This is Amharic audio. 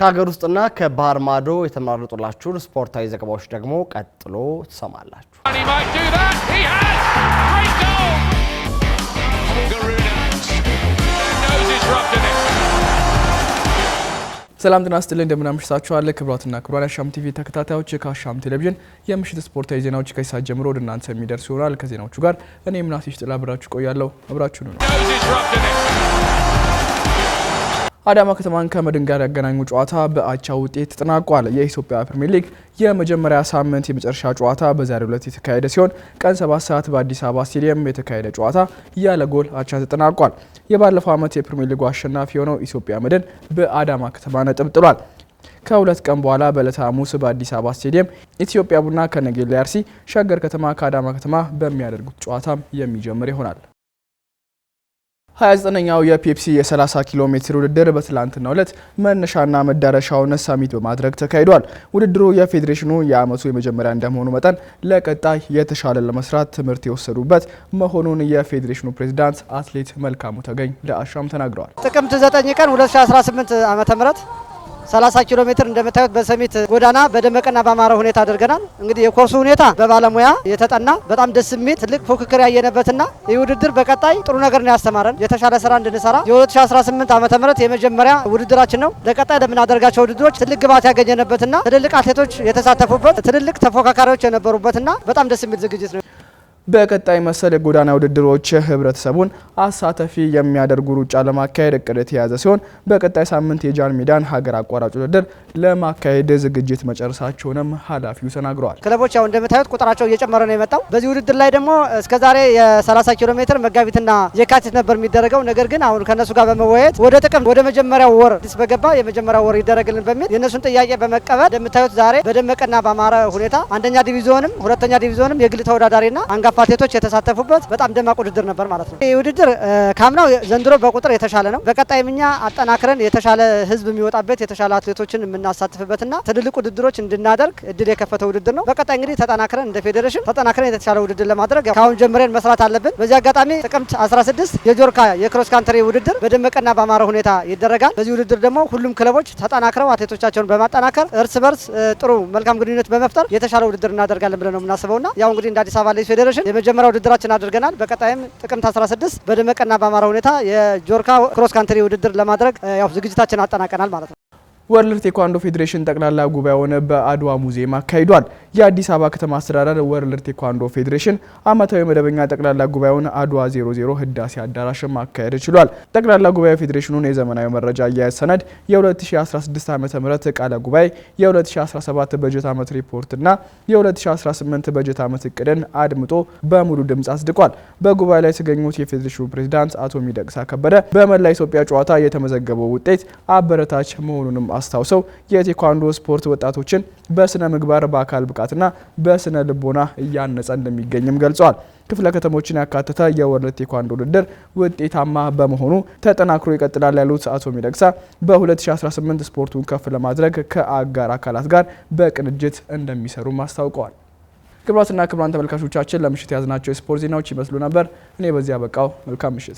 ከሀገር ውስጥና ከባህር ማዶ የተመራረጡላችሁን ስፖርታዊ ዘገባዎች ደግሞ ቀጥሎ ትሰማላችሁ። ሰላም ጤና ይስጥልኝ፣ እንደምናመሽታችኋል ክቡራትና ክቡራን የአሻም ቲቪ ተከታታዮች። ከአሻም ቴሌቪዥን የምሽት ስፖርታዊ ዜናዎች ከሰዓት ጀምሮ ወደ እናንተ የሚደርስ ይሆናል። ከዜናዎቹ ጋር እኔ ምናሴ ሽጥላ አብራችሁ ቆያለሁ። አብራችሁ ነው አዳማ ከተማን ከመድን ጋር ያገናኙ ጨዋታ በአቻ ውጤት ተጠናቋል። የኢትዮጵያ ፕሪምየር ሊግ የመጀመሪያ ሳምንት የመጨረሻ ጨዋታ በዛሬው ዕለት የተካሄደ ሲሆን ቀን 7 ሰዓት በአዲስ አበባ ስቴዲየም የተካሄደ ጨዋታ ያለ ጎል አቻ ተጠናቋል። የባለፈው ዓመት የፕሪምየር ሊጉ አሸናፊ የሆነው ኢትዮጵያ መድን በአዳማ ከተማ ነጥብ ጥሏል። ከሁለት ቀን በኋላ በዕለተ ሐሙስ በአዲስ አበባ ስቴዲየም ኢትዮጵያ ቡና ከነገሌ አርሲ፣ ሸገር ከተማ ከአዳማ ከተማ በሚያደርጉት ጨዋታም የሚጀምር ይሆናል። 29ኛው የፔፕሲ የ30 ኪሎ ሜትር ውድድር በትላንትናው ዕለት መነሻና መዳረሻውን ሳሚት በማድረግ ተካሂዷል። ውድድሩ የፌዴሬሽኑ የዓመቱ የመጀመሪያ እንደመሆኑ መጠን ለቀጣይ የተሻለ ለመስራት ትምህርት የወሰዱበት መሆኑን የፌዴሬሽኑ ፕሬዝዳንት አትሌት መልካሙ ተገኝ ለአሻም ተናግረዋል። ጥቅምት 9 ቀን 2018 ዓ.ም 30 ኪሎ ሜትር እንደምታዩት በሰሚት ጎዳና በደመቀና በአማረ ሁኔታ አድርገናል። እንግዲህ የኮርሱ ሁኔታ በባለሙያ የተጠና በጣም ደስ የሚል ትልቅ ፉክክር ያየነበትና ይህ ውድድር በቀጣይ ጥሩ ነገር ነው ያስተማረን የተሻለ ስራ እንድንሰራ የ2018 ዓ ም የመጀመሪያ ውድድራችን ነው። ለቀጣይ ለምናደርጋቸው ውድድሮች ትልቅ ግብዓት ያገኘነበትና ትልልቅ አትሌቶች የተሳተፉበት ትልልቅ ተፎካካሪዎች የነበሩበትና በጣም ደስ የሚል ዝግጅት ነው። በቀጣይ መሰል የጎዳና ውድድሮች ህብረተሰቡን አሳተፊ የሚያደርጉ ሩጫ ለማካሄድ እቅድ የተያዘ ሲሆን በቀጣይ ሳምንት የጃን ሜዳን ሀገር አቋራጭ ውድድር ለማካሄድ ዝግጅት መጨረሳቸውንም ኃላፊው ተናግረዋል። ክለቦች ያው እንደምታዩት ቁጥራቸው እየጨመረ ነው የመጣው። በዚህ ውድድር ላይ ደግሞ እስከዛሬ የ30 ኪሎ ሜትር መጋቢትና የካቲት ነበር የሚደረገው። ነገር ግን አሁን ከእነሱ ጋር በመወያየት ወደ ጥቅም ወደ መጀመሪያው ወር ዲስ በገባ የመጀመሪያው ወር ይደረግልን በሚል የእነሱን ጥያቄ በመቀበል እንደምታዩት ዛሬ በደመቀና በአማረ ሁኔታ አንደኛ ዲቪዚዮንም ሁለተኛ ዲቪዚዮንም የግል ተወዳዳሪና አንጋፋ አትሌቶች የተሳተፉበት በጣም ደማቅ ውድድር ነበር ማለት ነው። ይህ ውድድር ካምናው ዘንድሮ በቁጥር የተሻለ ነው። በቀጣይም እኛ አጠናክረን የተሻለ ህዝብ የሚወጣበት የተሻለ አትሌቶችን የምናሳትፍበትና ትልልቅ ውድድሮች እንድናደርግ እድል የከፈተ ውድድር ነው። በቀጣይ እንግዲህ ተጠናክረን እንደ ፌዴሬሽን ተጠናክረን የተሻለ ውድድር ለማድረግ ከአሁን ጀምረን መስራት አለብን። በዚህ አጋጣሚ ጥቅምት 16 የጆርካ የክሮስ ካንትሪ ውድድር በደመቀና በአማረ ሁኔታ ይደረጋል። በዚህ ውድድር ደግሞ ሁሉም ክለቦች ተጠናክረው አትሌቶቻቸውን በማጠናከር እርስ በርስ ጥሩ መልካም ግንኙነት በመፍጠር የተሻለ ውድድር እናደርጋለን ብለን ነው የምናስበውና ያው እንግዲህ እንደ አዲስ አበባ ፌዴሬሽን የመጀመሪያ ውድድራችን አድርገናል። በቀጣይም ጥቅምት 16 በደመቀና በአማረ ሁኔታ የጆርካ ክሮስ ካንትሪ ውድድር ለማድረግ ያው ዝግጅታችን አጠናቀናል ማለት ነው። ወርልድ ቴኳንዶ ፌዴሬሽን ጠቅላላ ጉባኤውን በአድዋ ሙዚየም አካሂዷል። የአዲስ አበባ ከተማ አስተዳደር ወርልድ ቴኳንዶ ፌዴሬሽን ዓመታዊ መደበኛ ጠቅላላ ጉባኤውን አድዋ 00 ህዳሴ አዳራሽ ማካሄድ ችሏል። ጠቅላላ ጉባኤ ፌዴሬሽኑን የዘመናዊ መረጃ አያያዝ ሰነድ፣ የ2016 ዓ ም ቃለ ጉባኤ፣ የ2017 በጀት ዓመት ሪፖርትና የ2018 በጀት ዓመት እቅድን አድምጦ በሙሉ ድምፅ አስድቋል። በጉባኤ ላይ የተገኙት የፌዴሬሽኑ ፕሬዚዳንት አቶ ሚደቅሳ ከበደ በመላ ኢትዮጵያ ጨዋታ የተመዘገበው ውጤት አበረታች መሆኑንም አስታውሰው የቴኳንዶ ስፖርት ወጣቶችን በስነ ምግባር በአካል ብቃትና በስነ ልቦና እያነጸ እንደሚገኝም ገልጸዋል። ክፍለ ከተሞችን ያካተተ የወርልድ ቴኳንዶ ውድድር ውጤታማ በመሆኑ ተጠናክሮ ይቀጥላል ያሉት አቶ ሚደግሳ በ2018 ስፖርቱን ከፍ ለማድረግ ከአጋር አካላት ጋር በቅንጅት እንደሚሰሩም አስታውቀዋል። ክቡራትና ክቡራን ተመልካቾቻችን ለምሽት የያዝናቸው የስፖርት ዜናዎች ይመስሉ ነበር። እኔ በዚህ አበቃው። መልካም ምሽት